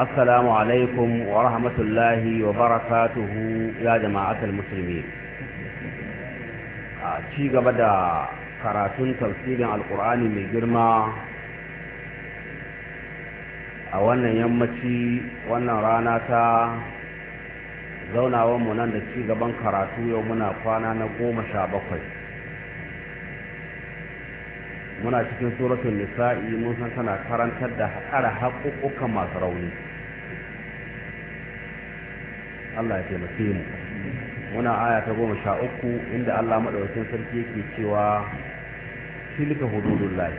السلام عليكم ورحمة الله وبركاته يا جماعة المسلمين cigaba da karatun tafsirin Alƙur'ani mai girma a wannan yammaci wannan rana ta zaunawanmu nan da cigaban karatu yau muna kwana na goma sha bakwai muna cikin suratun nisa'i mun san tana karantar da haƙar haƙuƙukan masu rauni Allah ya taimake mu muna aya ta goma sha uku inda Allah maɗaukin sarki yake cewa tilka hududullahi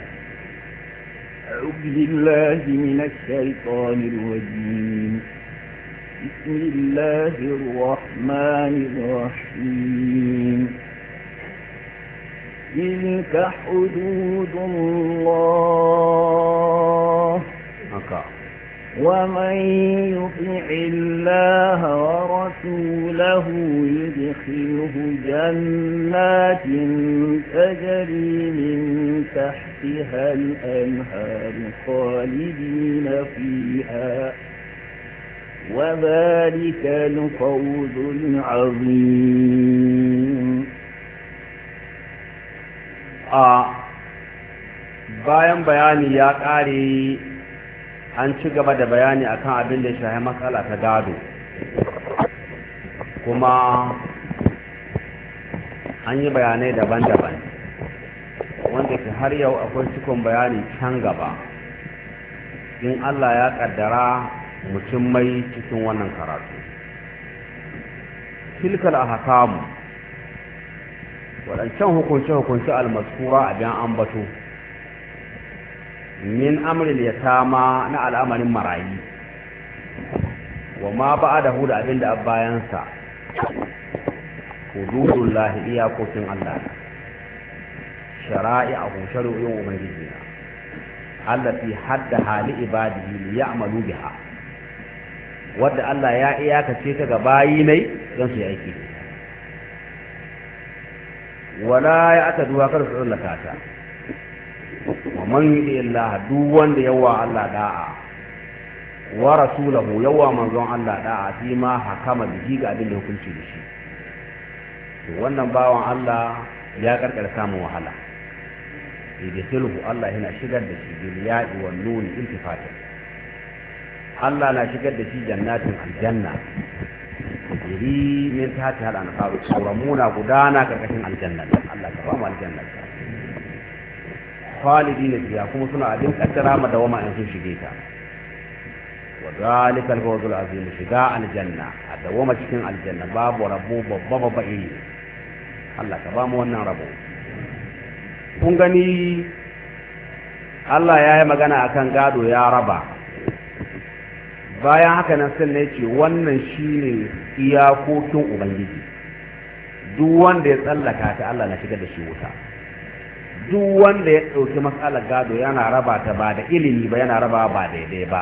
أعوذ بالله من الشيطان الرجيم بسم الله الرحمن الرحيم تلك حدود الله ومن يطع الله ورسوله يدخله جنات تجري من تحتها الأنهار خالدين فيها وذلك الفوز العظيم آه. bayan بياني يا قاري an ci gaba da bayani akan abin da ya shahi matsala ta gado kuma an yi bayanai daban-daban wanda ke har yau akwai cikon bayani can gaba in Allah ya kaddara mutum mai cikin wannan karatu tilkal hakamu waɗancan hukunce-hukunce almaskura a bayan ambato min ya tama na al'amarin marayi wa ma ba'adahu da abin da bayansa. Hududun Lahi iyakokin Allah Shara'i a shara'i'ahu shari'un ubangiji na fi hadda hali ibadihi li ya'malu biha wadda Allah ya iyakace ta ga bayi nai don su yi aiki wala ya ta duwa kar su tsallaka ta wa man yudi Allah duk wanda yawa Allah da'a wa rasulahu yawa manzon Allah da'a fi ma hakama bihi ga abin da hukunci da shi wannan bawan Allah ya karkar samun wahala idkhilhu Allah yana shigar da shi bil ya'i wan nun iltifata Allah na shigar da shi jannatin aljanna yiri min ta ta hada na faru sauran muna gudana karkashin aljanna Allah ka ba mu aljanna khalidina fiha kuma suna abin kaddara ma wama in sun shige ta wa zalikal fawzul azim shiga aljanna a wama cikin aljanna babu rabu babba babba Allah ka ba mu wannan rabo kun gani Allah ya yi magana akan gado ya raba bayan haka nan sun ne ce wannan shine iyakokin ubangiji duk wanda ya tsallaka ta Allah na shiga da shi wuta duk wanda ya ɗauki matsalar gado yana raba ta ba da ilimi ba yana raba ba daidai ba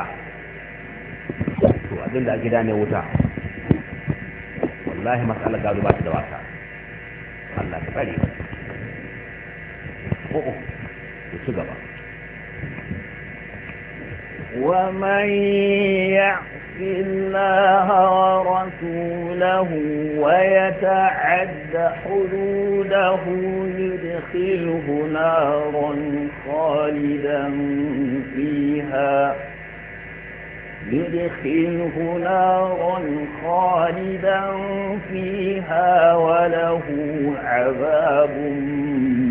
to abin da a gida ne wuta wallahi matsalar gado ba ta da wasa Allah ta tsare ko ku ci gaba ومن يعص الله ورسوله ويتعد حدوده يدخله نارا خالدا فيها يدخله نارا خالدا فيها وله عذاب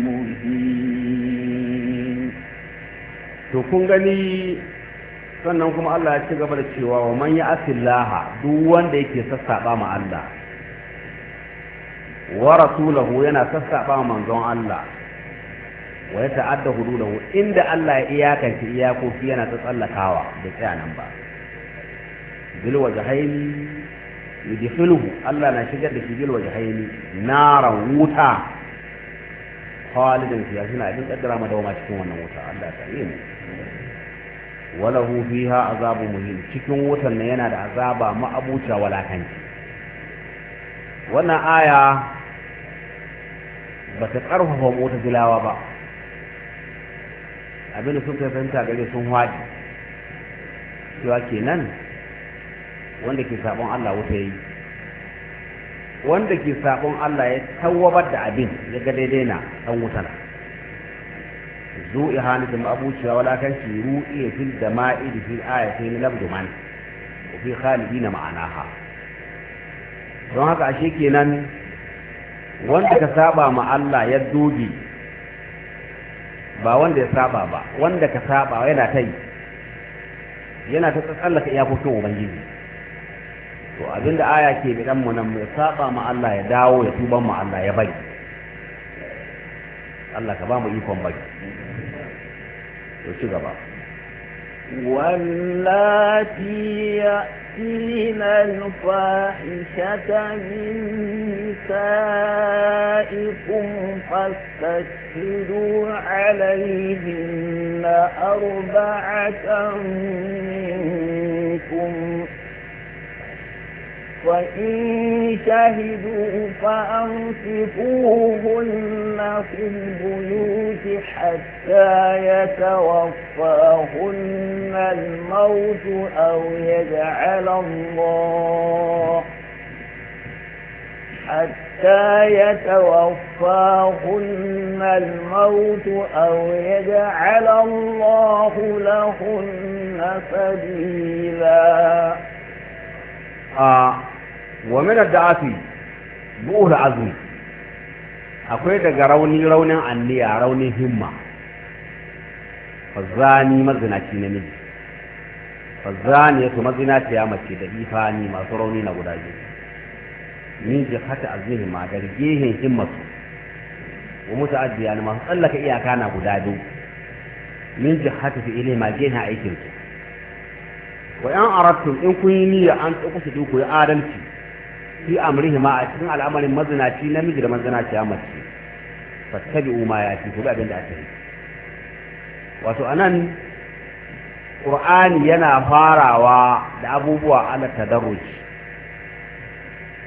مهين sannan kuma Allah ya ci gaba da cewa wa man ya asillaha duk wanda yake sassaba ma Allah wa rasulahu yana sassaba ma manzon Allah wa ya ta'adda hududahu inda Allah ya iyakance iyakoki yana ta tsallakawa da tsaya nan ba bil wajhaini yudkhiluhu Allah na shigar da shi bil wajhaini naran wuta khalidan fiha shi na abin kaddara ma cikin wannan wuta Allah ya tsare mu walahu fiha azabu muhim cikin wutan nan yana da azaba ma'abuta walakanci wannan aya ba ta karfafa mota zilawa ba abinda sun kai fahimta gare sun hwaji cewa kenan wanda ke sabon Allah wuta yi? wanda ke sabon Allah ya tawabar da abin ya ga daidai na ɗan wutar? zu wala kan shi ru'iya fil da ma'idi fil ayatai labduman fi khalidi na ma'anaha don haka ashe kenan wanda ka saba ma Allah ya doge ba wanda ya saba ba wanda ka saba yana ta yi yana ta tsallaka iyakokin ubangiji to abinda aya ke bidan mu nan mai saba ma Allah ya dawo ya tuban ma Allah ya bari Allah ka ba mu ikon bari to ci gaba يأتين الفاحشة من نسائكم فاستشهدوا عليهن أربعة منكم وإن شهدوا فأمسكوهن في البيوت حتى يتوفاهن الموت أو يجعل الله حتى يتوفاهن الموت أو يجعل الله لهن سبيلا آه. wa min ad-da'ati bu'ul azmi akwai daga rauni raunin anniya raunin himma fazani mazinaci namiji fazani yato mazinaci ya mace da ifani masu rauni na guda biyu min jihati azmihi ma dargihin himmatu wa muta'addiya masu tsallaka iyaka na guda biyu min jihati fi ilai ma gehen aikin su wa yan arattum in kun yi niyya an tsoka su ku adalci fi ma a cikin al'amarin mazinaci namiji da mazinaci ya mace fattabi'u ma yati kuma abin da aka yi wato anan qur'ani yana farawa da abubuwa ala tadarruj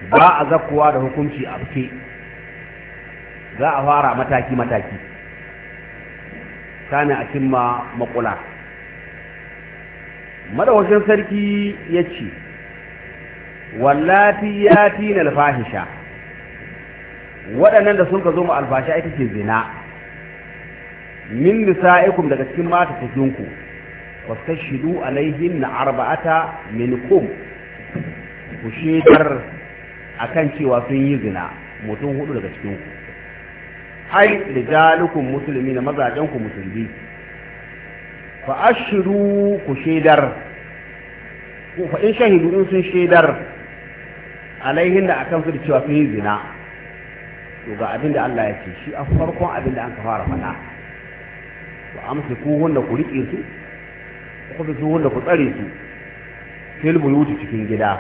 ba a zakkuwa da hukunci a fice za a fara mataki mataki kana a cimma makula madawakin sarki ya ce wallati yatina alfahisha waɗannan da sun ka zo mu alfasha ita ce zina min nisa'ikum daga cikin mata cikinku fastashidu alaihin na arba'ata minkum ku shekar akan cewa sun yi zina mutum hudu daga cikinku ai rijalukum musulmi na mazajenku musulmi fa ashiru ku shaidar. Ku fa in shahidu in sun shaidar. alaihin da akan su da cewa sun yi zina to ga abin da Allah ya ce shi a farkon abin da an ka fara faɗa ku amsa ku wanda ku riƙe su ku da su wanda ku tsare su fil buyuti cikin gida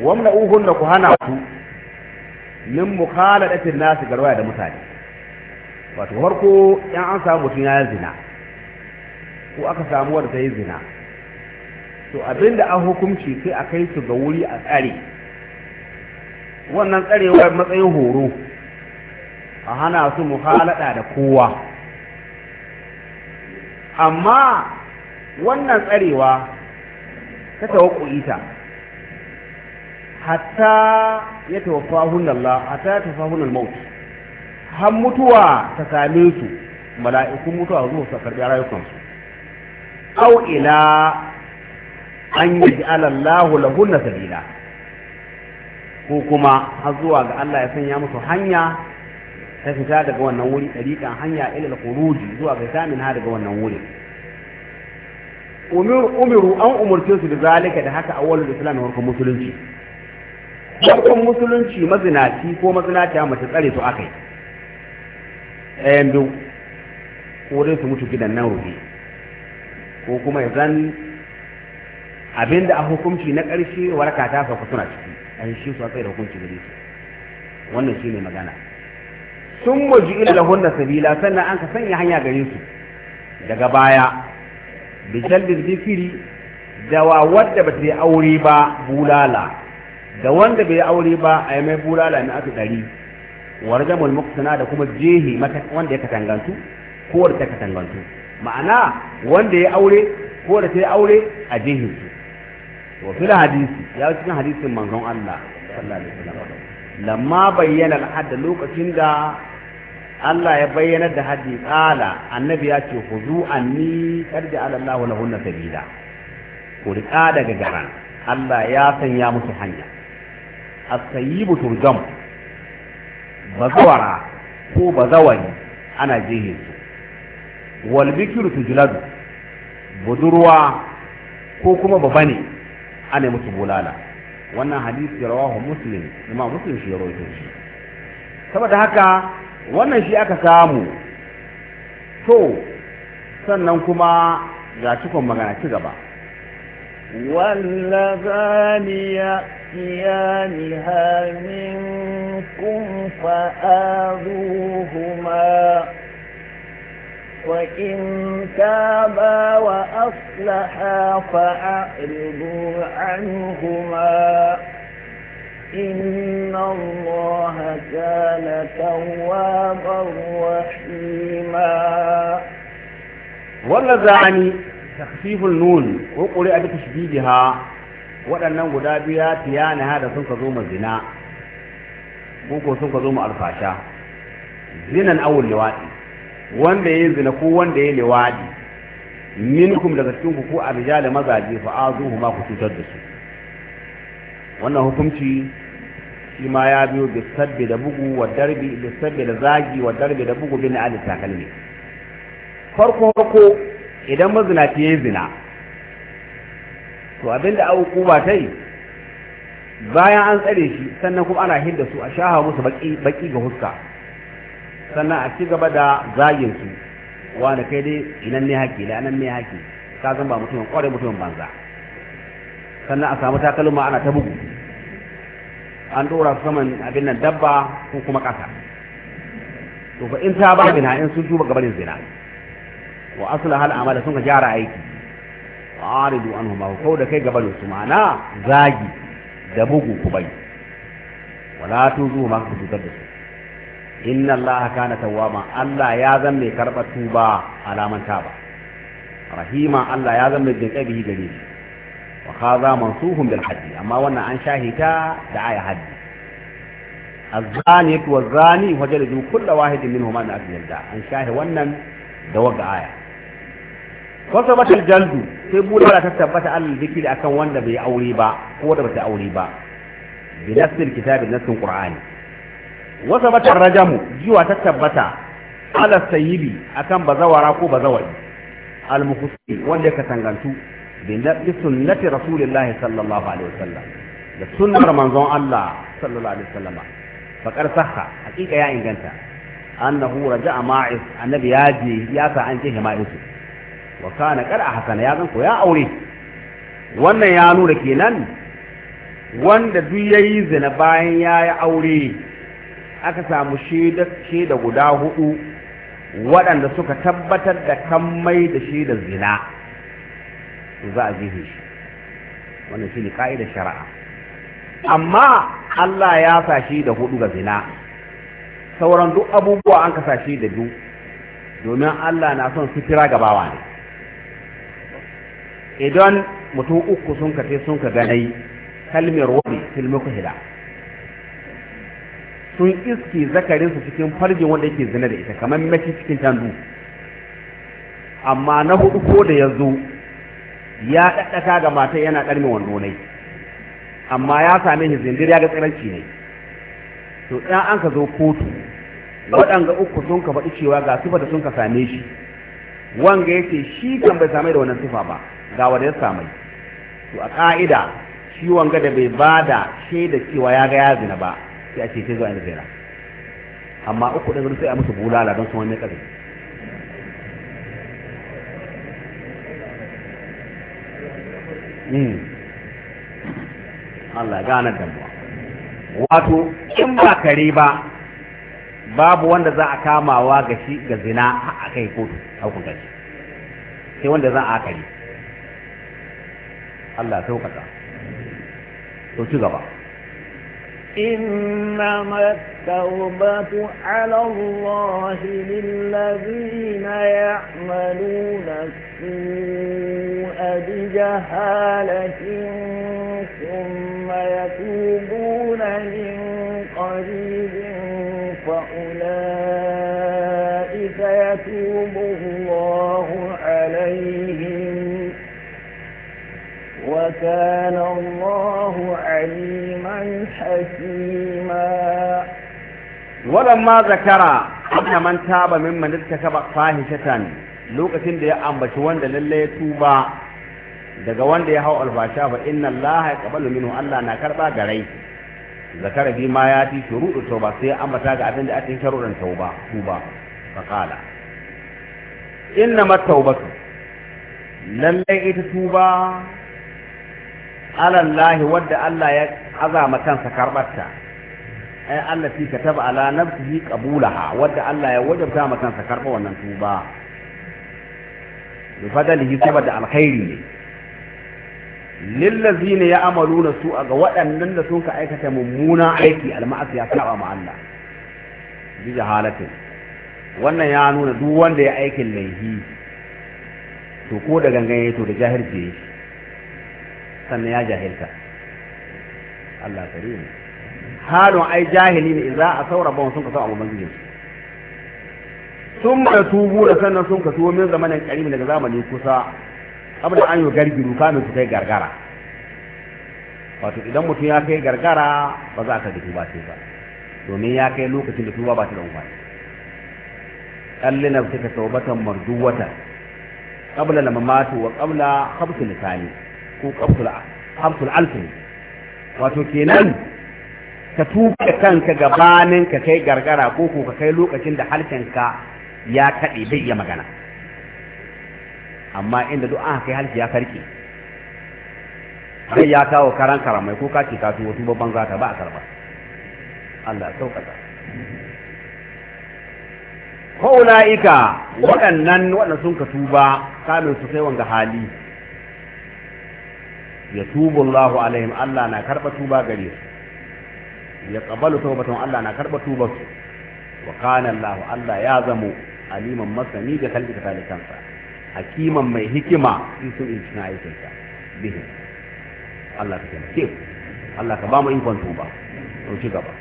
wamna u da ku hana su min mukhaladatin nasu garwaya da mutane wato farko in an samu mutum ya zina ko aka samu wanda ta yi zina to abinda an hukunci sai a kai su ga wuri a tsare wannan tsarewar matsayin horo a hana su muhalada da kowa amma wannan tsarewa ta tawakku'i hatta ya tawaffahun Allah hatta ya tawaffahun al-maut har mutuwa ta same su mala'ikun mutuwa zuwa su karbi rayukansu au ila an yi alallahu lahu na sabila ko kuma har zuwa ga Allah ya sanya musu hanya ta fita daga wannan wuri dariƙan hanya ila al zuwa ga samin ha daga wannan wuri umiru an umurce su da zalika da haka awwalul islam harkar musulunci harkar musulunci mazinaci ko mazinaci a mace tsare su akai ɗayan biyu ko dai su mutu gidan nan rufe ko kuma ya zan abinda a hukunci na ƙarshe waraka ta sauka suna ciki a shi su tsaye da hukunci gare su wannan shine magana sun muji ila lahunna sabila sannan an ka sanya hanya gare su daga baya bi da zikiri da wa wadda ba ta yi aure ba bulala da wanda bai yi aure ba a yi mai bulala na aka ɗari warga mulmuksana da kuma jehi wanda ya katangantu ko wadda ta katangantu ma'ana wanda ya aure ko da ta yi aure a jehi wa fil hadisi ya cikin hadisin manzon Allah sallallahu lamma bayyana al-hadd lokacin da Allah ya bayyanar da haddi qala annabi ya ce khuzu anni qad Allahu lahunna sabila ku riƙa daga garan Allah ya sanya musu hanya Asayi sayyibu turjam bazawara ko bazawari ana jihin su wal bikiru tujladu budurwa ko kuma babane ana musu bulala wannan hadisi rawahu muslim imam muslim shi ya rawaito shi saboda haka wannan shi aka samu to sannan kuma ga cikon magana ci gaba واللذان يأتيانها منكم فآذوهما وإن تابا وأصلحا فأعرضوا عنهما إن الله كان توابا رحيما والنزعني تخفيف النون وقرئ بتشديدها waɗannan guda biya tiyana da sun ka zo ma zina ko sun ka zo alfasha zinan awul liwaɗi wanda ya zina ko wanda ya liwadi minkum daga cikin ku ko arjala mazaje fa azuhu ma ku cutar da su wannan hukunci shi ma ya biyo da sabbi da bugu wa darbi da sabbi da zagi wa darbi da bugu bin al takalmi farko farko idan mazinaci ya zina to abinda abu kuba ta yi bayan an tsare shi sannan kuma ana hidda su a shaha musu baki ga huska sannan a ci gaba da zagin su wanda kai dai inan ne haƙi da anan ne haƙi ka zan ba mutumin ƙwarai mutumin banza sannan a samu takalma ana ta bugu an dora su saman abin nan dabba ko kuma ƙasa to fa in ta ba bina in sun shuba gabanin zina wa asula hal amala sun ka gyara aiki aridu anhu ma ko da kai gabanin su ma'ana zagi da bugu ku bai wala tuzu ma ku tutar da su inna allaha kana tawwaba Allah ya zan mai karɓa tuba alamanta ba rahima Allah ya zan mai jinƙa bihi gare shi wa kaza mansuhun bil haddi amma wannan an shahita da aya haddi azzani wa zani wajal jin kullu wahidin minhum an yalda an shahi wannan da waga aya kosa batal jaldu sai bula ta tabbata al zikri akan wanda bai aure ba ko da bata aure ba bi nasbil kitab ƙur'ani. wasa batar rajamu jiwa ta tabbata ala sayyibi akan bazawara ko bazawari al-mukhsi wanda ka tangantu bi sunnati rasulillahi sallallahu alaihi wasallam da sunnar manzon Allah sallallahu alaihi wasallam faqar sahha hakika ya inganta annahu raja'a ma'is annabi ya je ya sa an ce hima'isu wa kana qad ahsana ya zan ko ya aure wannan ya nuna kenan wanda duk yayi zina bayan ya yi aure aka samu shaida guda hudu waɗanda suka tabbatar da kammai da shaidar zina za a jihe shi wannan shi ne ka'idar shari'a amma Allah ya sa shi da hudu ga zina sauran duk abubuwa an kasa shi da biyu domin Allah na son su kira gabawa ne idan mutum uku sun kace sun ka ganai kalmar wani filmi kuhida sun iske su cikin farjin wanda yake zina da ita kamar mace cikin tandu amma na hudu ko da ya zo ya ɗaɗɗaka ga mata yana karmi wando ne amma ya same shi zindir ya ga tsiranci ne to dan an ka zo kotu waɗanga uku sun ka faɗi cewa ga sifa da sun ka same shi wanga yake shi kan bai same da wannan sifa ba ga wanda ya same to a ƙa'ida shi wanga da bai bada shaida cewa ya ga ya zina ba sai a ce sai zuwa inda zai amma uku ɗin sai a musu bulala don su wani ƙarfi hmm. Allah gane damuwa wato in ba kare ba babu wanda za a kamawa ga shi ga zina a kai kotu a hukunta shi sai wanda za a kare Allah sauƙaƙa to ci gaba إنما التوبة على الله للذين يعملون السوء بجهالة ثم يتوبون من قريب فأولئك يتوب الله عليهم وكان الله عليما حكيما ولما ذكر أن من تاب ممن ارتكب فاحشة lokacin da ya ambaci wanda lalle ya tuba daga wanda ya hau alfasha fa inna allaha yaqbalu minhu allah na karba garai zakara bi ma ya ti shuruɗu tauba sai ya ambata ga abin da ake sharuɗan tauba tuba fa qala inna mat tawbatu lalle ita tuba alallahi wadda Allah ya azama kansa karbarta ai Allah fi kataba ala nafsihi qabulaha wadda Allah ya wajabta ma kansa karba wannan tuba bi fadalihi saboda alkhairi ne lillazina ya'maluna su'a ga waɗannan da sun ka aikata mummunan aiki alma'asi ya ma Allah bi jahalatin wannan ya nuna duk wanda ya aikin laifi to ko da gangan to da jahilci yake sannan ya jahilta Allah karim halon ai jahili ne za a saura ban sun ka sau abu manzilin sun ka tubu da sannan sun ka tuwo min zamanin karimi daga zamani kusa abu da an yi gargiru kamin su kai gargara wato idan mutum ya kai gargara ba za ka da tuba sai ba domin ya kai lokacin da tuba ba ta da amfani kallina suka taubatan marduwata qabla lamamatu wa qabla khabtu lisani ko kafsul alfin wato kenan ka tuka kanka gabanin ka kai gargara ko ko ka kai lokacin da halkenka ya kaɗe bai iya magana amma inda duk an kai halki ya karke sai ya kawo karan karamai ko kace ka tuwo tuba banza ta ba a karba Allah sauƙaƙa ko ula'ika waɗannan waɗanda sun ka tuba kamin su kai wanga hali ya tubu Allahu alaihim Allah na karba tuba gare su ya qabalu tawbatan Allah na karɓa tuba su wa kana Allah Allah ya zamo aliman masani da kalbi talikansa hakiman mai hikima in sun in cikin aikinsa bihi Allah ka taimake ku Allah ka ba mu ikon tuba to ci gaba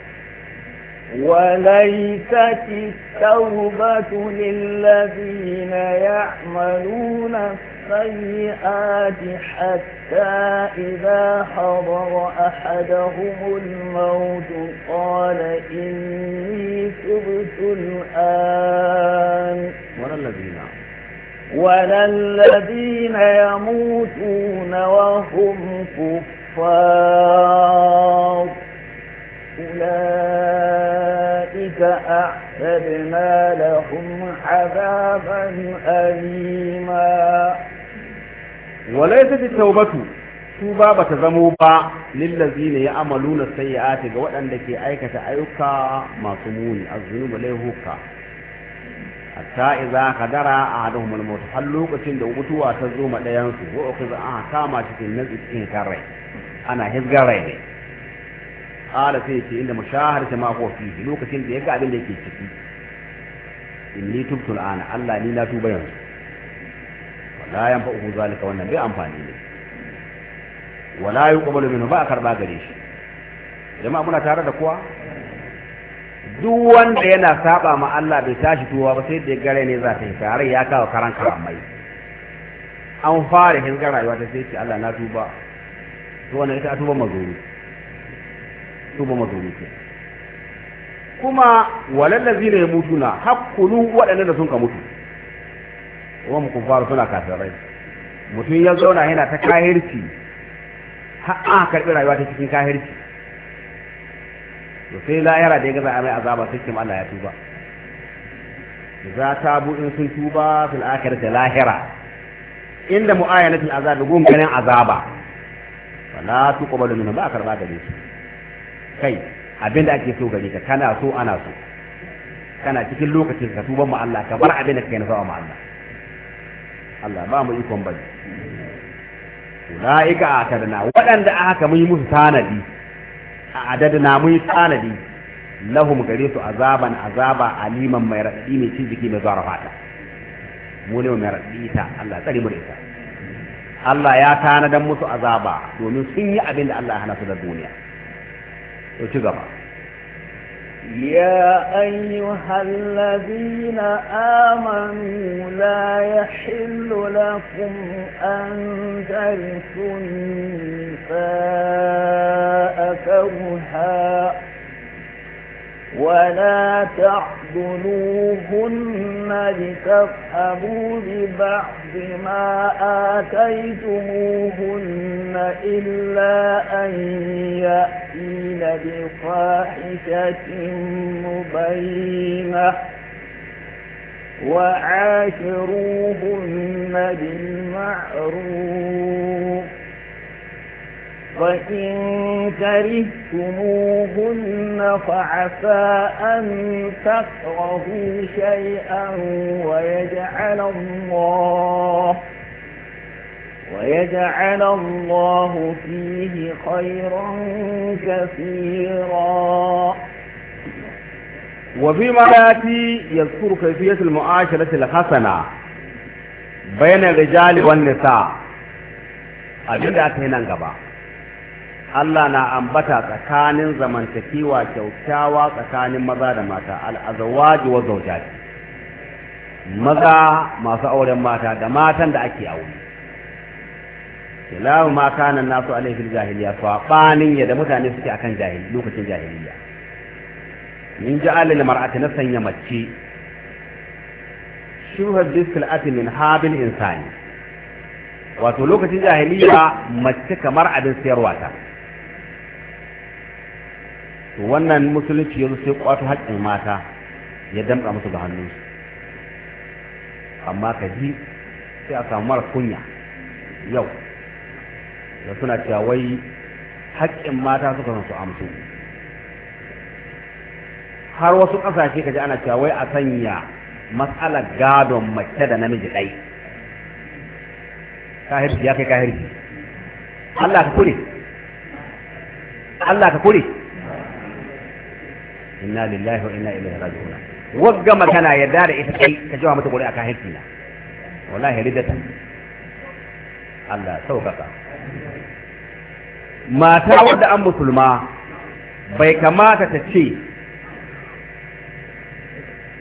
وليست التوبة للذين يعملون السيئات حتى إذا حضر أحدهم الموت قال إني تبت الآن ولا الذين ولا الذين يموتون وهم كفار أولئك أعتدنا لهم عذابا أليما وليست التوبة توبة بتزموبا للذين يعملون السيئات وأن لك أيكة أيكا ما سمون الظنوب ليهوكا حتى إذا قدر أحدهم الموت حلوك تند ومتوى تزوم لينسو وأخذ أحكامات في النزل إنكاري أنا هزقاري qala sai ce inda mushahar ma mako fihi lokacin da ya ga abin da yake ciki inni tubtu al'ana Allah ni na tuba yanzu wala yanfa'u zalika wannan bai amfani ne wala yuqbalu minhu ba karba gare shi jama'a muna tare da kowa duk wanda yana saba ma Allah bai tashi tuwa ba sai da gare ne za ta yi tare ya kawo karan karamai an fara hin ga rayuwa ta sai ce Allah na tuba to wannan ita tuba mazuri su ba mazurutun kuma walallazi ne ya mutu na hakkulu waɗanda da sun ka mutu kuma mu kufaru suna kafirai mutum ya zauna yana ta kahirci har an karɓi rayuwa ta cikin kahirci to sai lahira da ya gaza amai azaba sai kim Allah ya tuba za ta in sun tuba fil akhirati lahira inda mu'ayanatul azab gun ganin azaba wala tuqbalu minhu ba karba gare su kai abinda ake so gare ka kana so ana so kana cikin lokacin ka tuban mu Allah ka bar abinda kai na sawa mu Allah Allah ba mu ikon bari ulaika atadna waɗanda aka mun yi musu tanadi a adadna mun yi tanadi lahum gare su azaban azaba aliman mai raɗaɗi mai cin jiki mai zuwa fata mu ne mai raɗaɗi ta Allah tsari mu da ita Allah ya tanadan musu azaba domin sun yi abin da Allah ya hana su da duniya to ci gaba يا أيها الذين آمنوا لا يحل لكم أن ترثوا النساء كرها ولا تحضنوهن لتفهموا ببعض ما آتيتموهن إلا أن يأتين بفاحشة مبينة وعاشروهن بالمعروف وإن كرهتموهن فعسى أن تكرهوا شيئا ويجعل الله ويجعل الله فيه خيرا كثيرا وفيما يأتي يذكر كيفية المعاشرة الحسنة بين الرجال والنساء أجل أتينا قبل Allah na ambata tsakanin zamantakewa kyaukyawa tsakanin maza da mata al'azawaji wa zaujaji maza masu auren mata da matan da ake aure kilawu ma kana nasu alaihil jahiliya sabanin ya da mutane suke akan jahili lokacin jahiliya min ja'alil mar'ati na sanya mace shuhad bisil'ati min habil insani wato lokacin jahiliya mace kamar abin sayarwa ta to wannan musulunci yanzu sai kwato haƙƙin mata ya damɗa musu ga hannunsu amma ka ji sai a samu mara kunya yau da suna cewa wai haƙƙin mata suka san su amsu har wasu ƙasashe ka ji ana cewa wai a sanya matsalar gadon mace da namiji ɗai kahirci ya kai kahirci Allah ka kure Allah ka kure inna lillahi wa inna ilaihi raji'un wagga magana yarda da ita kai ka jawa mata gure akan hakki na wallahi riddatan Allah saukaka mata wadda an musulma bai kamata ta ce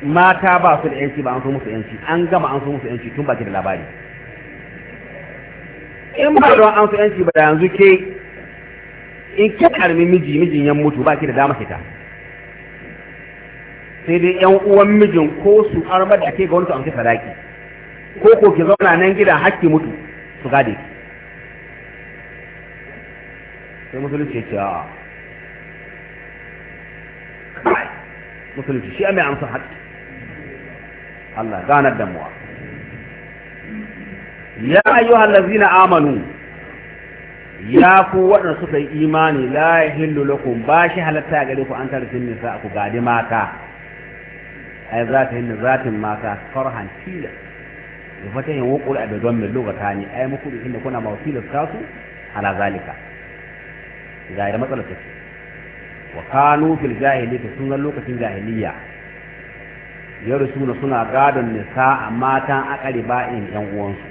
mata ba su da yanci ba an so musu yanci an gama an so musu yanci tun baki da labari in ba don an so yanci ba da yanzu ke in ke karmi miji mijin ya mutu baki da dama ta. sai dai yan uwan mijin ko su armar da ke ga wani su amsa sadaki ko ko ki zauna nan gida hakki mutu su gade sai musulunci ya ce a musulunci shi mai amsa hakki Allah ganar da muwa ya ayyuhal ladzina amanu ya ku waɗanda suka yi imani la yahillu lakum ba shi halatta gare ku an tarfin nisa ku gadi mata ai zatihin zatin mata farhan tila da yin wukul a dajon mai lokata ne ai muku da inda kuna mawasilar tasu ala zalika ga da matsalar ta ce. wa kanu fil jahili sun ga lokacin jahiliya ya na suna gadon nisa matan akali ba'in yan uwansu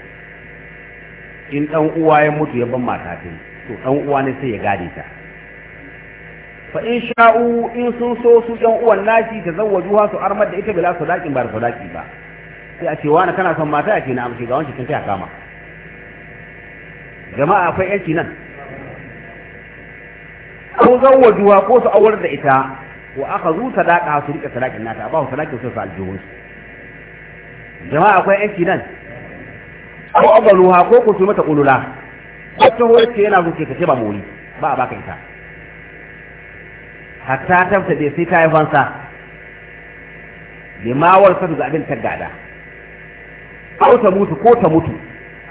in dan uwa ya mutu ya ban mata to dan uwa ne sai ya gade ta fa in sha'u in sun so su ɗan uwan nashi ta zawwajuha su armar da ita bila su daƙin ba da daƙi ba sai a ce wani kana son mata a ce na amshi ga wancan kin taya kama jama'a akwai yanki nan ko ha ko su awar da ita wa aka zu daƙa su rike sadakin nata ba su sadakin su sa aljihun jama'a akwai yanki nan ko abaluha ko ku su mata ulula ko ta ce yana zuke ka ce ba mori ba a baka ita hatta fita dai sai ta yi fansa bima warsa da abin ta gada ko ta mutu ko ta mutu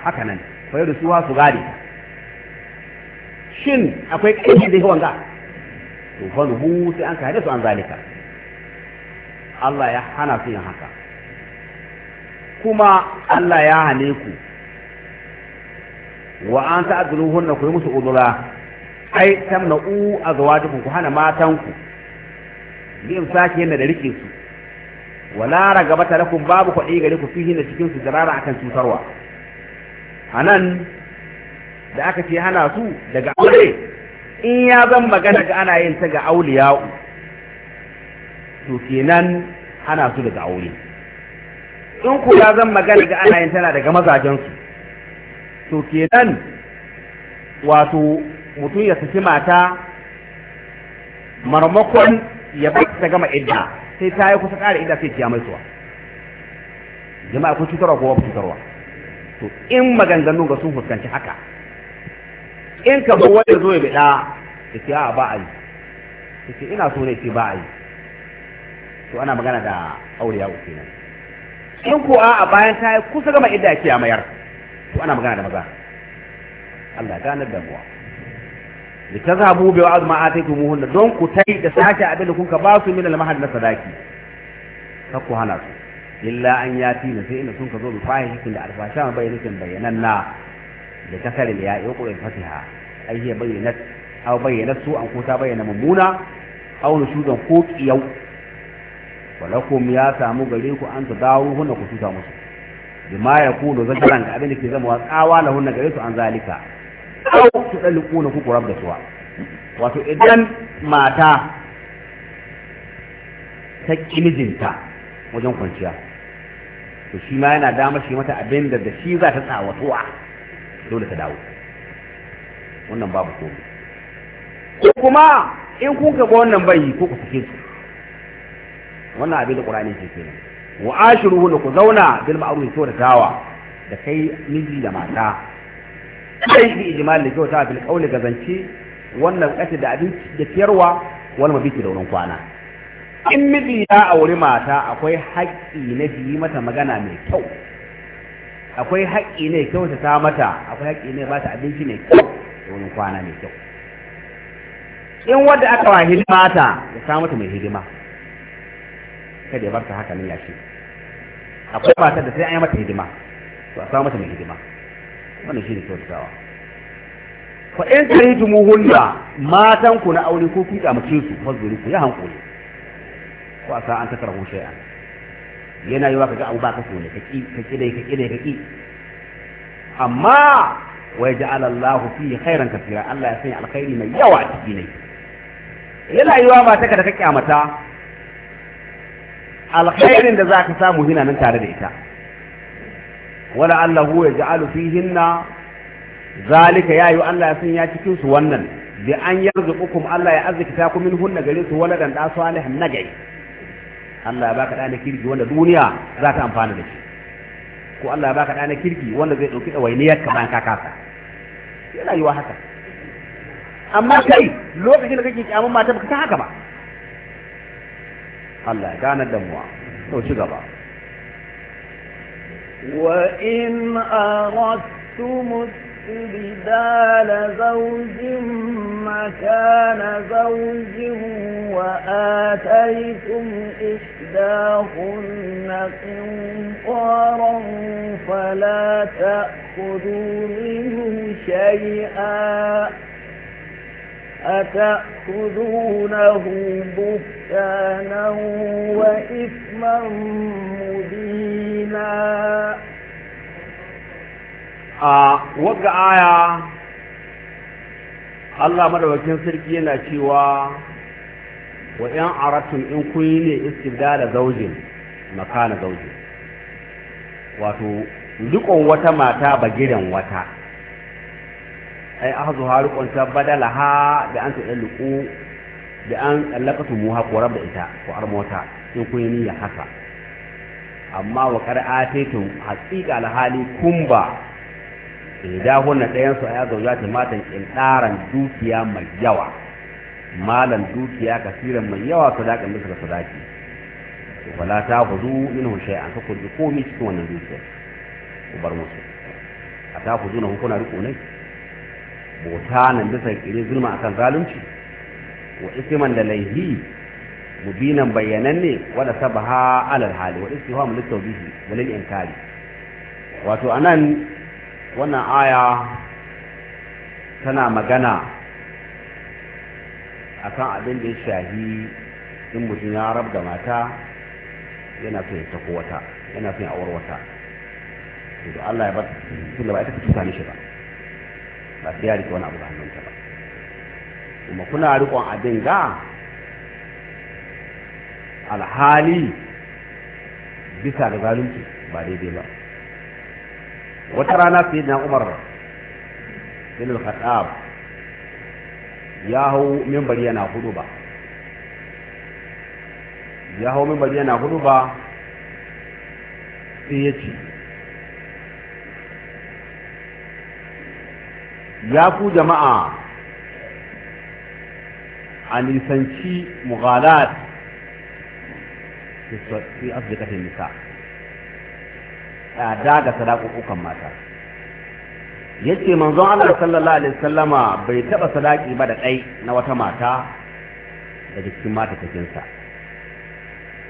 haka nan fa da suwa su gari shin akwai kai da wanga to fa ruhu sai an kare su an zalika Allah ya hana su yin haka kuma Allah ya hane ku wa an ta'dhuluhunna ku yi musu udura ai tamna'u azwajukum ku hana matanku yin sake yana da rike su wala ragabata lakum babu kwaɗi gare ku fihi na cikin su zarara akan cutarwa anan da aka ce hana su daga aure in ya zan magana ga ana yin ta ga auliya to kenan hana su daga aure in ku ya zan magana ga ana yin tana daga mazajensu to kenan wato mutum ya saki mata marmakon ya ba ta gama idda sai ta yi kusa ƙara idda sai ciya mai suwa jama'a kun cutarwa ko ba cutarwa to in maganganu ga sun fuskanci haka in ka zo wanda zo ya bida ya ce a ba a yi ya ce ina so ne ce ba a yi to ana magana da ya uku nan in ko a bayan ta yi kusa gama idda ya ciya a mayar to ana magana da maza Allah ganar da muwa da ta zahabu bai wa'az ma ataitu muhunna don ku tai da sashi abin da kunka ba su min almahal na sadaki ta ku hana su illa an yati na sai inda sun ka zo bi fahishin da alfasha ma bayyanatin bayyananna da ta kare ya yi ƙoƙarin fasiha ai ya bayyana aw bayyana su an ko ta bayyana mummuna aw nushudan ko qiyau walakum ya samu gare ku an ta dawo hunna ku ta musu bima yakulu zakaran ga abin da ke zama tsawa lahunna gare su an zalika sau su ɗaliku ku kuku da suwa wato idan mata ta ƙi mijinta wajen kwanciya to shi ma yana dama shi mata abin da da shi za ta tsawatuwa dole ta dawo wannan babu komai ko kuma in kun ga wannan bai ko ku sake su wannan abin da qur'ani ke kenan wa ashiruhu ku zauna bil ma'ruf da tawa da kai miji da mata sai bi ijmal da kyauta bil qawli gazanci wannan kace da abin da ciyarwa wal mabiti da wurin kwana in miji ya auri mata akwai haƙƙi na yi mata magana mai kyau akwai haƙƙi ne kyauta ta mata akwai haƙƙi ne ba ta abinci mai kyau da wurin kwana mai kyau in wanda aka wa hidima ta ya samu ta mai hidima kada ya bar ta haka nan yashi akwai mata da sai an yi mata hidima to a samu mata mai hidima wannan shi ne kyautatawa fa in karitu muhunna matan ku na aure ko kun kyamace su fazuri ku ya hankali ko asa an takarahu shay'an yana yiwa kaga abu ba ka so ne kaki kaki dai kaki dai kaki amma wa yaj'al Allahu fi khairan katira Allah ya sanya alkhairi mai yawa a cikin ne yana yiwa mata ka da ka kyamata alkhairin da za ka samu hina nan tare da ita wala allahu ya ja'alu hinna zalika ya yi Allah ya sanya cikin su wannan bi an yarzuqukum Allah ya azzikita ku min hunna gare su dan da salih nagai Allah ya baka dana kirki wanda duniya za ta amfana da shi ko Allah ya baka dana kirki wanda zai dauki wainiyar ka bayan ka kasa yana yiwa haka amma kai lokacin da kake kyamun mata baka san haka ba Allah ya gane damuwa to ci gaba وإن أردتم استبدال زوج مكان زوج وآتيتم إحداهن قنطارا فلا تأخذوا منه شيئا أتأخذونه بهتانا وإثما مبينا آه وقع آية الله مدوكين سركي yana cewa wa ‘yan aratun in kun yi ne istibdala zaujin makana zaujin wato dukkan wata mata ba gidan wata ai ahzu harukunta ha da an ta dalku da an allakatu muha ko rabba ita ko armota in kun yi ya haka amma wa qara'ataytum haqiqa alhali kumba idan hunna dayan su aya zauja ta matan kindaran dukiya mai yawa malan dukiya kasiran mai yawa sadaka misra sadaki wala ta hudu minhu shay'an fa kun komi cikin wannan dukiya ku bar musu a ta hudu na hukuna riko ne botanan bisa kire zulma akan zalunci wa isman da laihi mubinan bayyananne wanda sabaha alal hali wa istiham litawbihi wa lil inkari wato anan wannan aya tana magana akan abin da ya shahi in mutum ya rab da mata yana so ya tako wata yana so ya awar wata to Allah ya bar tunda ba ita ta tuka shi ba ba sai ya rike wani abu da hannunta ba kuma kuna rikon abin ga alhali bisa ga zalunci ba daidai ba wata rana sai na umar bin al-khattab ya hau mimbari yana hudu ba ya hau mimbari yana hudu ba sai ya ce ya ku jama'a a nisanci mughalat fi afirkatin nisa tsada ga sadakukukan mata yace manzon Allah sallallahu alaihi wasallama bai taba sadaki ba da ɗai na wata mata daga cikin mata cikinsa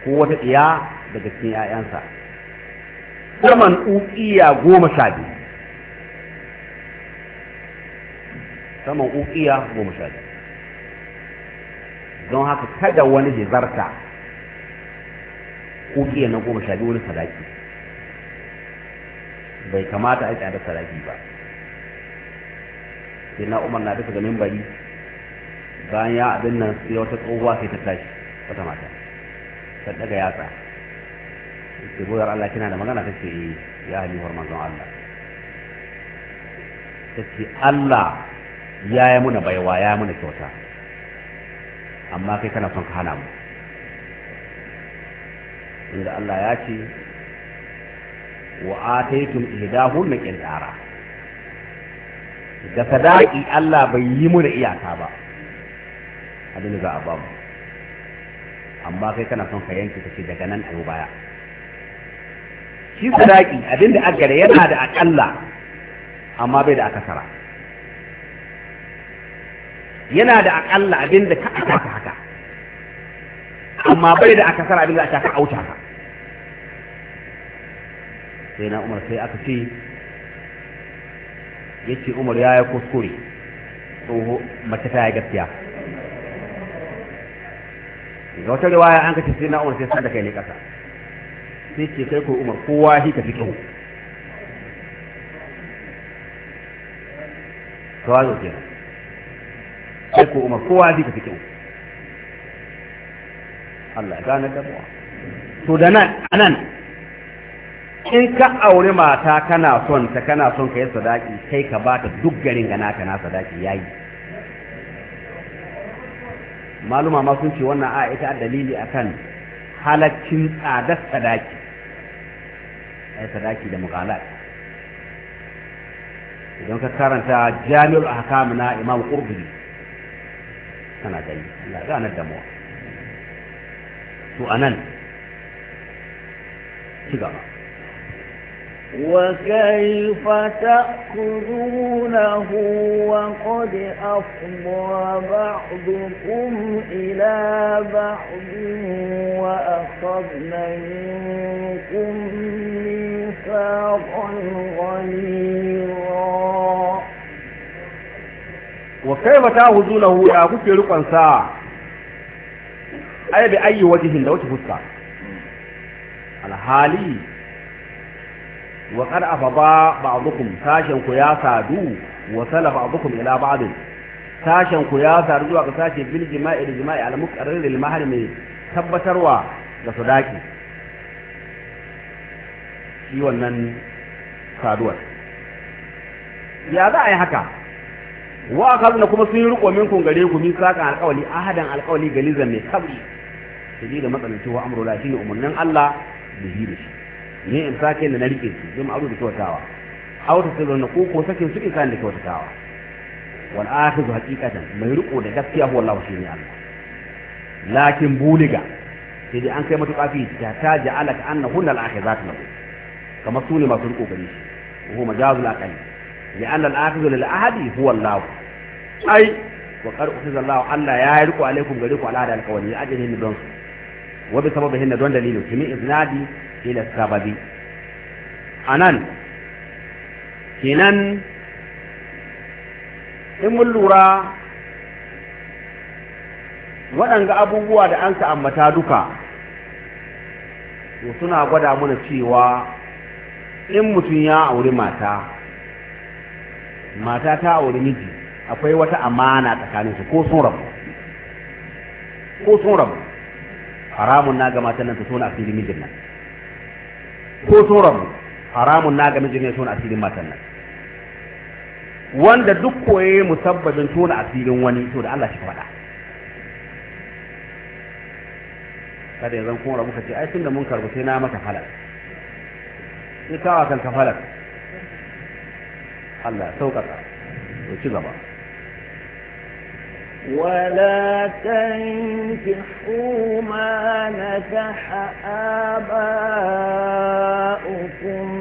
ko wata ɗiya daga cikin 'ya'yansa saman ukiya goma sha biyu saman ukiya goma sha don haka kada wani hizarta ukiya na goma sha biyu wani sadaki bai kamata a tsada sadaki ba sai na umar na duka ganin bari bayan ya abin nan sai wata tsohuwa sai ta tashi wata mata ta daga yatsa sai goyar Allah kina da magana ta ce eh, ya halihar manzon Allah ta ce Allah ya yi muna baiwa ya yi muna kyauta amma kai kana son ka hana mu inda Allah ya ce wa ataytum ihdahunna qintara da sadaki Allah bai yi muna iyaka ba abin za a ba mu amma kai kana son ka yanke kace daga nan ayo baya shi sadaki abinda aggare yana da akalla amma bai da akasara yana da akalla abin da ka aka haka amma bai da sara abin da aka auta ka sai na umar sai aka ce ya ce umar ya yi kuskure tsoho mace ta yi gaskiya ga wata riwaya an kace sai na umar sai sanda kai ne kasa sai ce kai ko umar kowa shi ka fi kyau kenan sai ko umar kowa zai ka kyau Allah ya gane da to da nan anan in ka aure mata kana son ta kana son ka yi sadaki kai ka ba ta duk garin ga naka na sadaki yayi maluma ma sun ce wannan a ita dalili akan halaccin tsadar sadaki ai sadaki da muqalat idan ka karanta jami'ul ahkam na imam qurtubi kana gani كان ranar damuwa to anan وكيف تأخذونه وقد أفضى بعضكم إلى بعض وأخذنا منكم ميثاقا غليظا wa kaifa tahuzunahu ya kuke rikon sa ai bi ayi wajhin da wace fuska alhali wa qad afaba ba'dukum sashen ku ya sadu wa sala ba'dukum ila ba'd sashen ku ya sadu zuwa ga sashe bil jima'i da jima'i al muqarrar lil mahr mai tabbatarwa da sadaki shi wannan saduwar ya za a yi haka wa akaruna kuma sun yi riko minkum gare ku misaqan alqawli ahadan alqawli galizan mai kabri da matsananci wa amru la shine umurnin Allah da yi da shi ne in sake da na rike su zai ma'aru da kyautawa auta sirrin na ko ko sakin su in da kyautatawa wal akhiru haqiqatan mai riko da gaskiya huwa Allah shine Allah lakin buliga sai dai an kai matuƙa fi ta ta ja'ala ka anna hunna al-akhizat lahu kamar su ne masu riko gare shi huwa majazul aqali li anna al-akhizu lil ahadi huwa Allah ai wa qad Allah ya riku alaikum gari ku al'ada alkawani ajrin don wa bi sababi na don dalilin kimi iznadi ila sababi anan kenan in mun lura waɗanga abubuwa da an ta'ammata duka to suna gwada mana cewa in mutum ya auri mata mata ta auri miji akwai wata amana tsakanin su ko sun rabu ko sun rabu haramun na ga matan nan su tona asirin mijin nan ko sun rabu haramun na ga mijin nan tona asirin matan nan wanda duk koye musabbabin tona asirin wani to da Allah shi faɗa kada yanzu kun rabu ka ce ai tunda mun karbu sai na mata falal ni kawa kan ka Allah sauƙaƙa ya ci gaba ولا تنكحوا ما نكح آباؤكم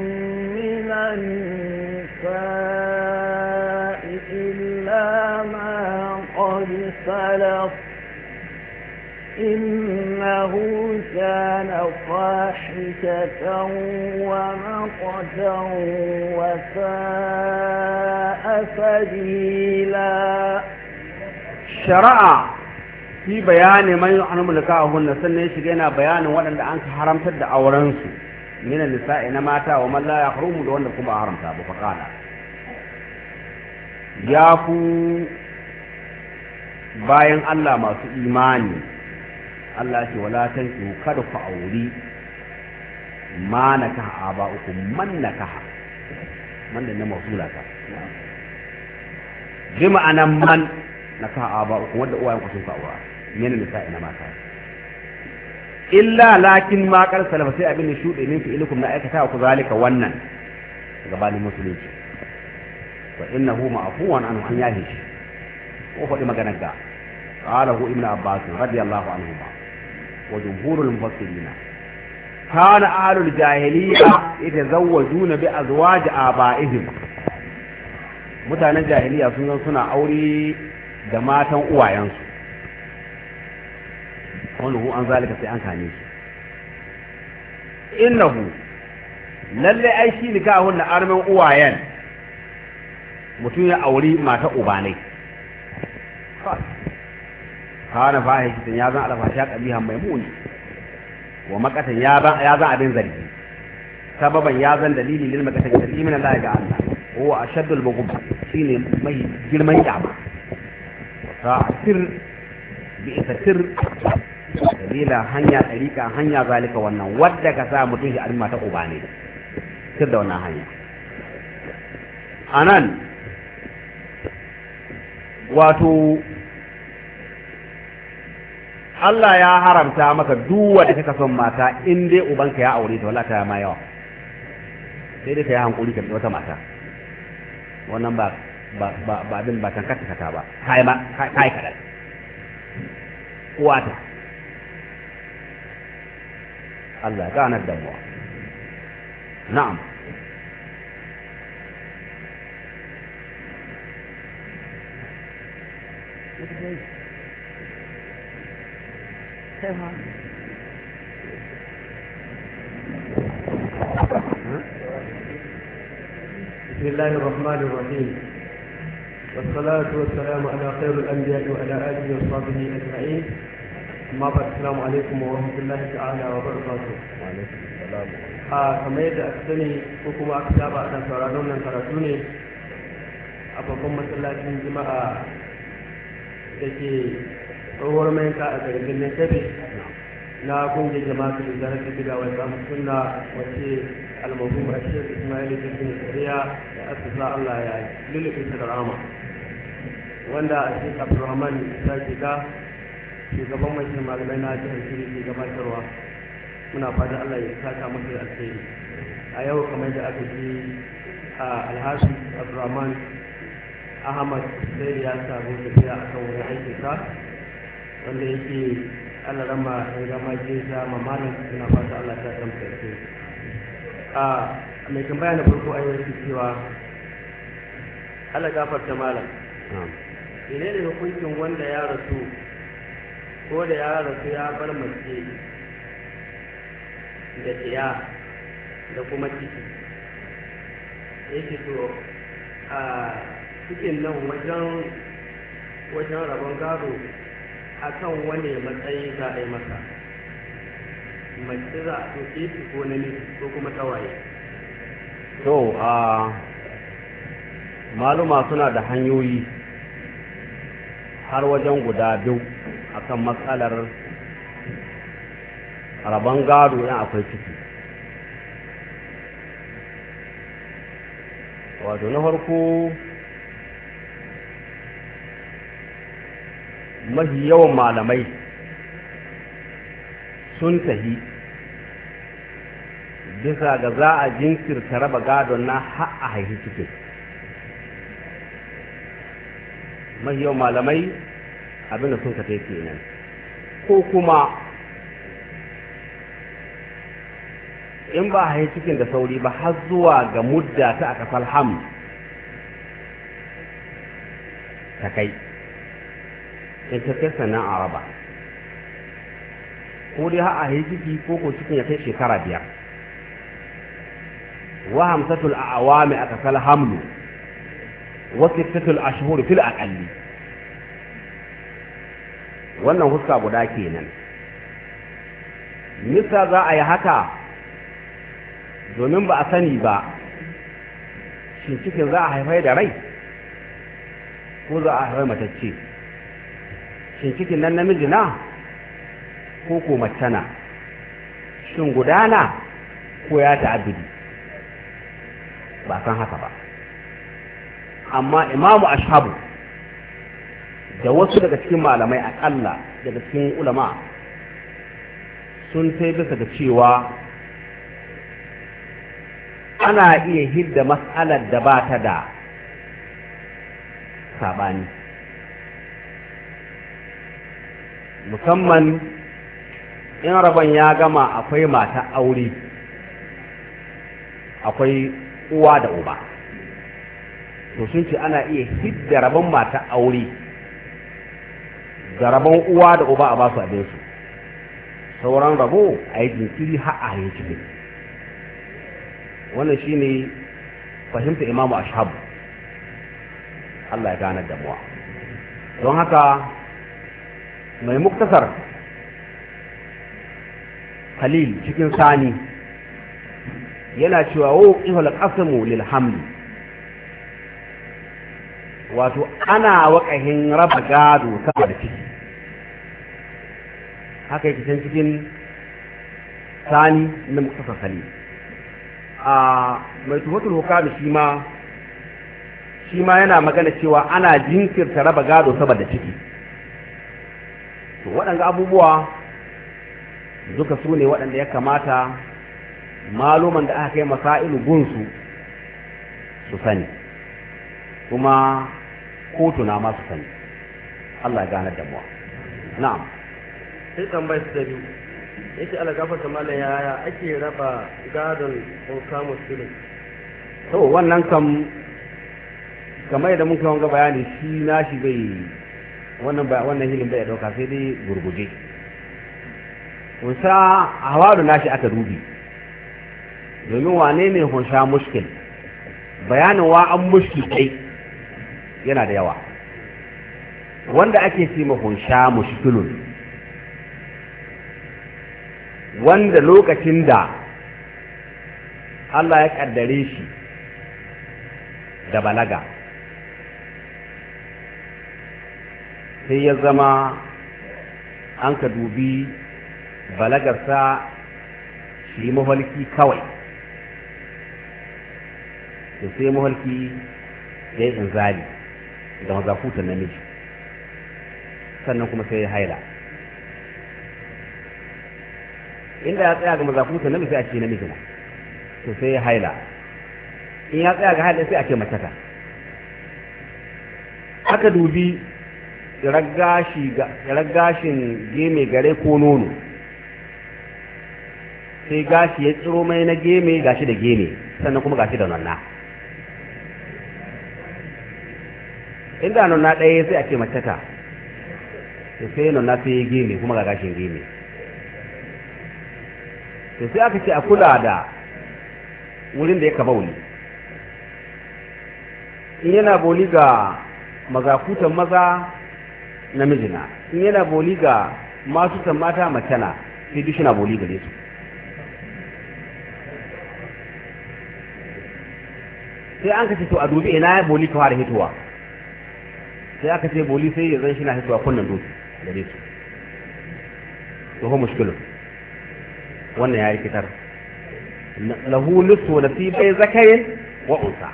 من النساء إلا ما قد سلف إنه كان فاحشة ومقتا وساء سبيلاً shari'a fi bayani man yu'anu hunna sannan shiga yana bayanin waɗanda an haramtar da auren su min nisa'i na mata wa man la yahrumu da wanda kuma haramta ba fa kana ya ku bayan Allah masu imani Allah ce wala tanki kada ku auri manaka aba uku manaka man da na mausula ma'anan man na ka aba ku wanda uwayen ku sun ka uwa yana nisa ina mata illa lakin ma kar salafa sai abin da shuɗe min fi ilikum na aikata ku zalika wannan gabanin musulunci wa innahu ma'fuwan anhu an yahi shi ko faɗi maganar ga qalahu ibnu abbas radiyallahu anhu ma wa jumhurul mufassirin كان أهل الجاهلية يتزوجون بأزواج Mutanen jahiliya sun سنة suna aure. da matan uwayensu wani hu an zalika sai an kane shi innahu lalle ai shi nikahun na armin uwayen mutum ya auri mata ubanai kana fahishin ya zan alfa a ƙabihan mai muni wa makatan ya zan ya zan abin zargi sababan ya zan dalili lil makatan da imin Allah ga Allah huwa ashaddul bughd shine mai girman kyama sa'atir bi isatir dalila hanya tsarika hanya zalika wannan wadda ka sa mutum shi alima ta uba ne sir da wannan hanya anan wato Allah ya haramta maka duwa da kake son mata in dai ubanka ya aure ta wala ta ma yawa sai dai ka yi hankuri ka wata mata wannan ba ba ba abin ba tankar ta kata ba kai ba kai kadan uwata Allah ya ganar da mu na'am بسم الله الرحمن الرحيم والصلاة والسلام على خير الأنبياء وعلى آله وصحبه أجمعين ما بعد السلام عليكم ورحمة الله تعالى وبركاته وعليكم السلام kamar yadda aka sani ko kuma aka saba ana sauraron nan karatu ne a babban masallacin jima'a da ke tsohuwar mayanka a garin birnin kebe na kungiyar jama'a ta zarar da gida wani samun sunna wace almabu a shekaru ismail bin sariya da asusa allah ya lullufe ta da wanda a shi abdurrahman zakika shugaban mai cikin malamai na jihar shiri ke gabatarwa muna fata allah ya saka masa da alheri a yau kamar da aka ji a alhashi abdurrahman ahmad sai ya samu tafiya a kan wani aikinsa wanda yake allah rama ya gama sa mamanin suna fata allah ta tsamta ya a mai tambaya na farko a yau cewa allah gafarta malam menene hukuncin wanda ya rasu ko da ya rasu ya bar mace da ɗaya, da kuma ciki yake to a cikin nan wajen wajen rabon gado a kan wane matsayi za a yi masa mace za a soke shi ko namiji ko kuma tawaye to a maluma suna da hanyoyi har wajen guda biyu a kan matsalar rabon gado ɗin akwai ciki wato na farko mafi yawan malamai sun tahi bisa ga za a jinkirta raba gadon na ha'a haifi ciki mahiyar malamai abinda sun ka taike nan ko kuma in ba a cikin da sauri ba har zuwa ga mudda ta aka falham ta kai in ta fesa nan a raba ko dai har a yi ciki ko ko cikin ya kai shekara biyar wa hamsatul a awami aka hamlu. wasittatul ashhur fil aqalli wannan huska guda kenan nisa za a yi haka domin ba a sani ba shin cikin za a haifai da rai ko za a haifai matacce shin cikin nan namiji na ko ko na shin gudana ko ya ta'abbidi ba san haka ba amma imamu ashabu da wasu daga cikin malamai akalla daga cikin ulama sun sai bisa da cewa ana iya hidda matsalar da ba ta da saɓani musamman in rabon ya gama akwai mata aure akwai uwa da uba to sun ce ana iya hidda rabon mata aure da rabon uwa da uba a basu abinsu sauran rabo a yi jinkiri har a yi jini wannan shi ne fahimta imamu ashabu Allah ya gane damuwa don haka mai muktasar khalil cikin sani yana cewa wo ihul qasamu lil hamli wato ana waƙahin raba gado sama da ciki haka yake can cikin sani na muktasar sani a mai tuhatul hukami shi ma yana magana cewa ana jinkirta raba gado sama da ciki to waɗanda abubuwa duka su ne waɗanda ya kamata maluman da aka kai masailu gunsu su sani kuma kotu na masu sani Allah ya gane da muwa na'am sai tambayar su da biyu yace Allah gafarta mallan yaya ake raba gadon sauka musulun to wannan kam kamar yadda muka wanga bayani shi nashi bai wannan wannan hilin bai dauka sai dai gurguje kusa a na nashi aka rubi? domin wane ne hunsha mushkil bayanin wa an mushkil kai yana da yawa wanda ake ce mahunsha mushkilun wanda lokacin da Allah ya kaddare shi da balaga sai ya zama an ka dubi balagarsa shi mahalki kawai da sai mahalki ya yi inzali ga mazakutan namiji sannan kuma sai ya haila inda ya tsaya ga mazakutan namiji sai a ce namiji na to sai ya haila in ya tsaya ga haila sai a ce mace ta aka dubi raggashin geme gare ko nono sai gashi ya tsiro mai na geme gashi da geme sannan kuma gashi da nanna inda nan na ɗaya sai a ce mace ta sai nan na sai gini kuma ga gashin gini to sai aka ce a kula da wurin da ya kaba wuli in yana boli ga mazakutan maza namijina in yana boli ga masu san mata mace na sai duk na boli gare su sai an kace to a dubi ina boli ka fara Hituwa. sai aka ce boli sai ya zan shi na hitowa kunnan dutse gare su to mushkilun wannan ya rikitar lahu nisu nasibai zakarin wa unsa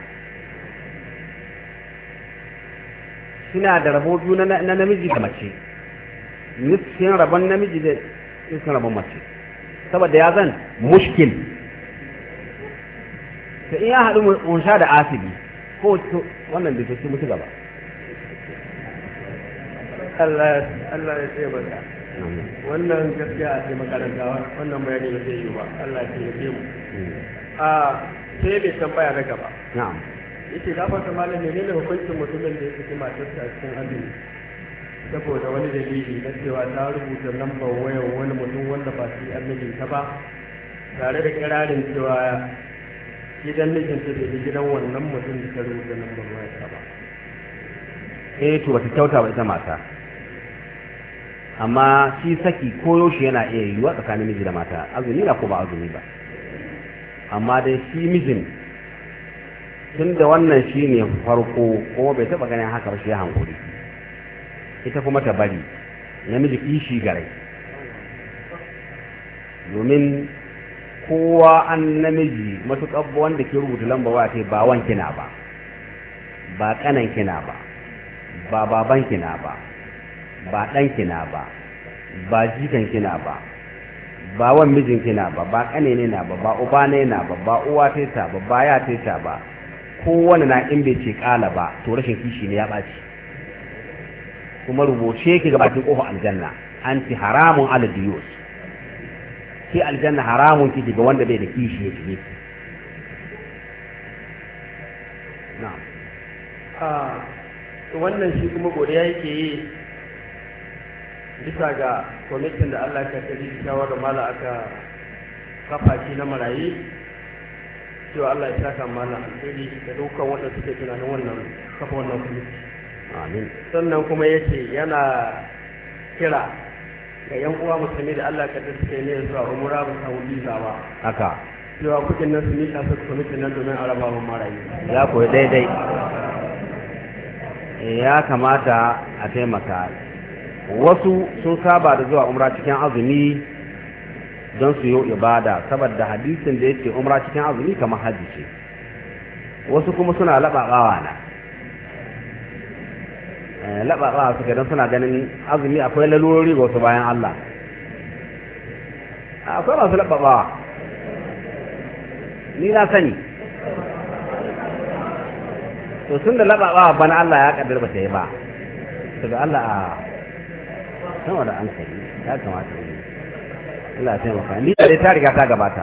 suna da rabo biyu na namiji da mace nisfin rabon namiji da nisfin rabon mace saboda ya zan mushkil ta iya haɗu sha da asibi ko wannan da ke mutu gaba Allah Allah ya ce ba wannan gaskiya a ce makarantawa wannan bayani ba zai yi ba Allah ya ce mu a sai bai tambaya na gaba na'am yake gaba ta malam ne ne hukuncin mutumin da ya saki matarsa a cikin azumi saboda wani dalili na cewa ta rubuta lambar wayar wani mutum wanda ba su yi annabin ta ba tare da kirarin cewa gidan mijinta bai yi gidan wannan mutum da ta rubuta lambar wayar ta ba eh to ba ta kyauta ba ita mata amma shi saki koyaushe yana iya yiwuwa tsakanin miji da mata azumi na ko ba azumi ba amma dai shi mijin tun da wannan shi ne farko kuma bai taɓa ganin haka ba shi ya hankuri ita kuma ta bari namiji kishi garai domin kowa an namiji matuƙar wanda ke rubuta lamba wa ta ba wankina ba ba kanan kina ba ba baban kina ba ba ɗan kina ba ba jikan kina ba ba wan mijin kina ba ba ƙanene ne na ba ba uba ne na ba ba uwa ta ba ba ya ta ba kowane na in bai ce ƙala ba to rashin kishi ne ya ɓaci kuma rubuce ki ga bakin ƙofar aljanna an ci haramun ala diyos ki aljanna haramun kiki ga wanda bai da kishi ya kike na'am ah, wannan shi kuma godiya yake yi bisa ga kwamitin da allah ka kari da mala aka kafa shi na marayi cewa allah ya saka mala alheri da dukkan wanda suke tunanin wannan kafa wannan kwamiti amin sannan kuma ya ce yana kira ga yan uwa musulmi da allah ka suke ne zuwa umura ba samu biza ba haka cewa kudin nan su mika su kwamitin nan domin araba wa marayi ya koyi daidai eh, ya kamata a taimaka wasu sun saba da zuwa umra cikin azumi don su yi ibada saboda hadisin da yake umra cikin azumi kamar haji ce wasu kuma suna laɓaɓawa na eh, laɓaɓawa suka don suna ganin azumi akwai lalurori ga wasu bayan Allah akwai masu laɓaɓawa ni na sani to sun da laɓaɓawa bana Allah ya kaddar ba ta yi ba daga Allah a sama da an kai ya kamata ne Allah ya taimaka ni da ta riga ta gabata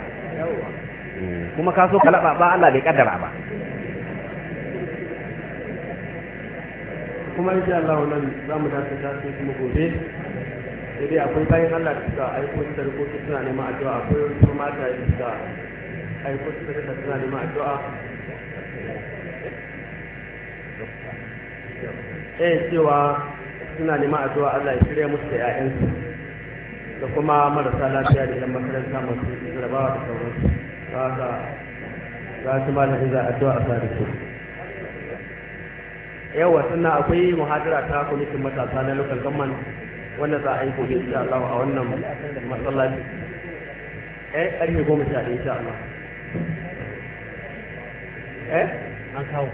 eh, kuma ka so ka laba ba Allah bai kaddara ba kuma insha Allah nan za mu dace ta sai kuma gobe sai dai akwai bayan Allah da suka aiko su da rikoki suna neman addu'a akwai wasu mata da suka aiko su da suna neman addu'a eh cewa suna neman addu'a Allah ya shirya musu da 'ya'yansu da kuma marasa lafiya da 'yan makaranta masu jarabawa da sauransu ba haka za su malamin za addu'a a sa da su yawa suna akwai muhadara ta kwamitin matasa na local government wanda za a yi gobe insha Allah a wannan masallaci eh ƙarfe goma sha ɗaya insha Allah eh an kawo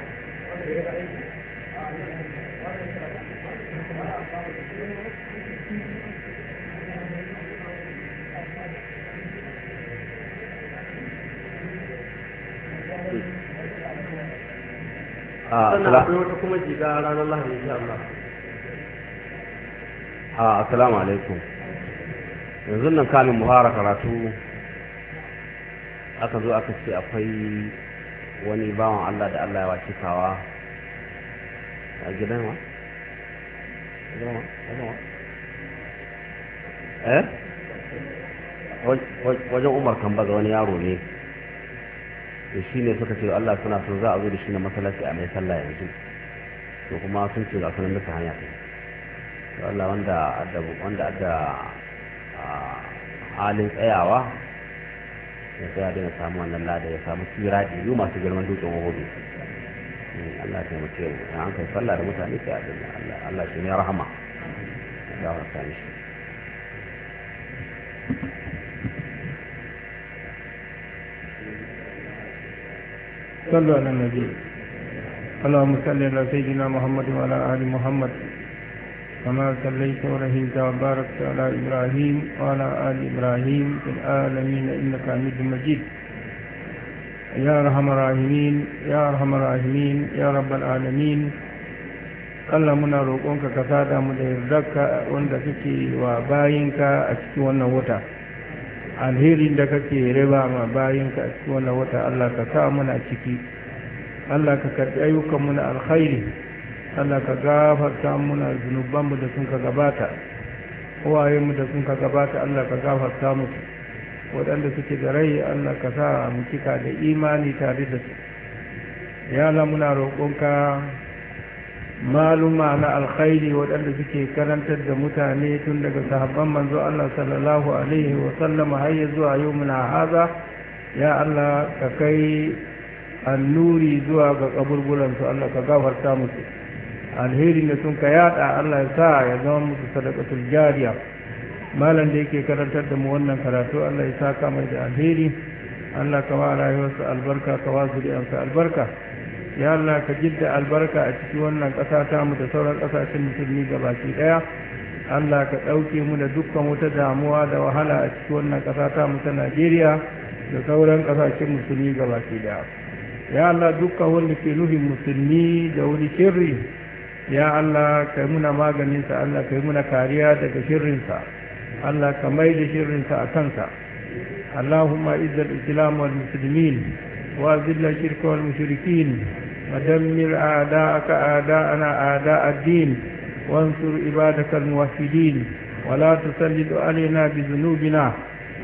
Ah, sannan akwai wata kuma ah, assalamu alaikum yanzu nan kamin mu fara karatu aka zo aka ce akwai wani bawan Allah da Allah ya wace kawa a gidan wa eh wajen umar kan baza wani yaro ne to shi ne suka ce Allah suna so za a zo da shi na masallaci a mai sallah yanzu to kuma sun ce ga sunan bisa hanya kai to Allah wanda adda wanda ada halin tsayawa ya tsaya da na samu wannan lada ya samu tsira biyu masu girman dutsen wahudu eh, Allah ta mutu yau na an kai sallah da mutane sai a dinna Allah Allah shi ne rahama ya rahama shi صلوا على النبي اللهم صل على سيدنا محمد وعلى آل محمد كما صليت ورحمت وباركت على إبراهيم وعلى آل إبراهيم في العالمين إنك حميد مجيد يا أرحم الراحمين يا أرحم الراحمين يا رب العالمين Allah muna roƙonka ka sada mu da yardarka wanda kake wa bayinka a cikin wannan wuta. alherin da kake raba ma ka a cikin wannan wata Allah ka sa muna ciki Allah ka karbi ayyukan na alkhairi Allah ka gafarta muna zunubanmu da sun ka gabata mu da sun ka gabata Allah ka gafarta musu waɗanda suke da rai Allah ka sa mu cika da imani tare da su ya Allah muna roƙonka maluma na alkhairi waɗanda suke karantar da mutane tun daga sahabban manzo Allah sallallahu alaihi wa sallama har ya zuwa yau muna haza ya Allah ka kai annuri zuwa ga kaburburan su Allah ka gafarta musu alherin da sun ka yada Allah ya sa ya zama musu sadaqatul jariya malam da yake karantar da mu wannan karatu Allah ya sa kamar da alheri Allah ka wa rayuwarsa albarka ka wa zuriyarsa albarka ya Allah ka jidda albarka a cikin wannan ƙasa ta mu da sauran ƙasashen musulmi baki ɗaya Allah ka ɗauke mu da dukkan wata damuwa da wahala a cikin wannan ƙasa ta mu ta Najeriya da sauran ƙasashen musulmi baki ɗaya ya Allah dukkan wanda ke nufin musulmi da wani shirri ya Allah ka muna maganinsa Allah ka muna kariya daga shirrinsa Allah ka mai da shirrinsa a kanka اللهم اعز الاسلام والمسلمين وأذل الشرك والمشركين ودمر أعداءك أعداءنا أعداء الدين وانصر عبادك الموحدين ولا تسلط علينا بذنوبنا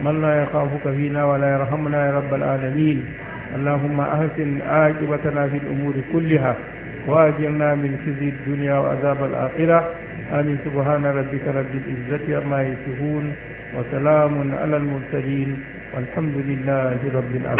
من لا يخافك فينا ولا يرحمنا يا رب العالمين اللهم أحسن عاقبتنا في الأمور كلها وأجرنا من خزي الدنيا وعذاب الآخرة آمين سبحان ربك رب العزة عما يصفون وسلام على المرسلين والحمد لله رب العالمين